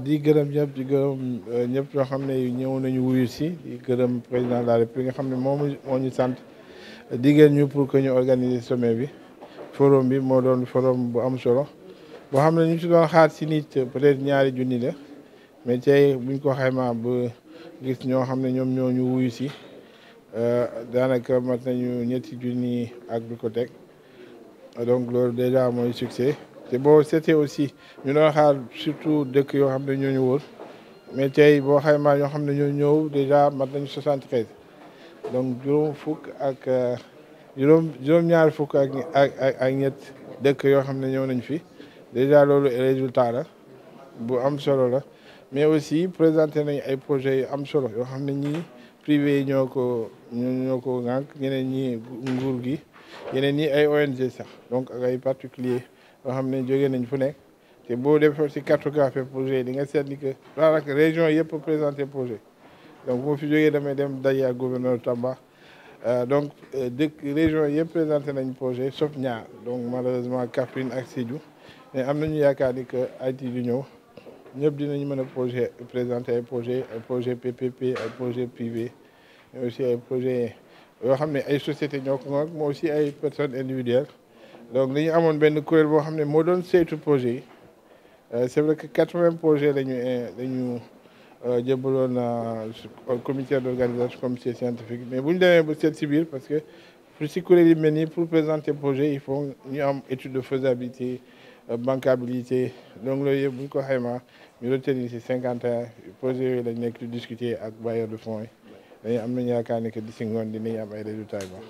di gërëm ñëpp di euh, ñëpp yoo xam ne ñëw nañu wuyu si di gërëm président de la république nga xam ne moom moo ñu sant diggéen ñu pour que ñu some bi forum bi moo doon forum bu am solo boo xam ne ñu si doon xaar si nit peut-être ñaari junni la mais tey buñ ko xaymaa ba gis ñoo xam ne ñoom ñoo ñu wuyu si euh, daanaka mat nañu ñetti junni ak lu ko teg Ah, donc loolu déjà mooy succès te boo seetee aussi ñu doon xaar surtout dëkk yoo xam ne ñoo ñu wër mais tey boo xaymaa ñoo xam ne ñoo ñëw déjà mat nañu soixante treize donc juróom fukk ak euh, juróom juróom-ñaar fukk ak ak ak ñett dëkk yoo xam ne ñëw nañ fi déjà loolu résultat la bu am solo la mais aussi présenté nañ ay projets yu am solo yoo xam ne ñii privé yi ñoo ko ñoo ko ŋànk ñeneen ñi nguur gi yeneen ñi ay ONG sax donc ak ay particulier yoo xam ne jóge nañ fu nekk ci boo defee ci cartographie projet di nga seet ni que daanaka région yëpp présenté projet donc moo fi jógee damay dem daje ak gouverneur Tamba euh, donc euh, dëkk région yëpp présenté nañ projet sauf ñaar donc malheureusement Kaffrine ak Sédhiou mais am nañu yaakaar ni que at yi du ñëw ñëpp dinañ mën a projet présenté ay projet ay projet PPP ay projet privé mais aussi ay projet yoo xam ne ay société ñoo ko moo aussi ay personnes individuelles donc dañu amoon benn kuréel boo xam ne moo doon saytu projet yi euh, c'est vrai que quatre-vingts projets lañu lañu euh, jëbaloon euh, comité d'organisation comité scientifique mais bu ñu demee ba seet si biir parce que si kuréel yi mel nii pour présenter projet il faut ñu am étude de faisabilité bancabilité donc loolu yëpp bu ñu ko xaymaa ñu retenir si cinquante et un projet yooyu lañ nekk di discuter ak bailleurs de fonds yi dañu am nañu yaakaar ne que d'ici ngoon dinañ am ay résultats yu baax.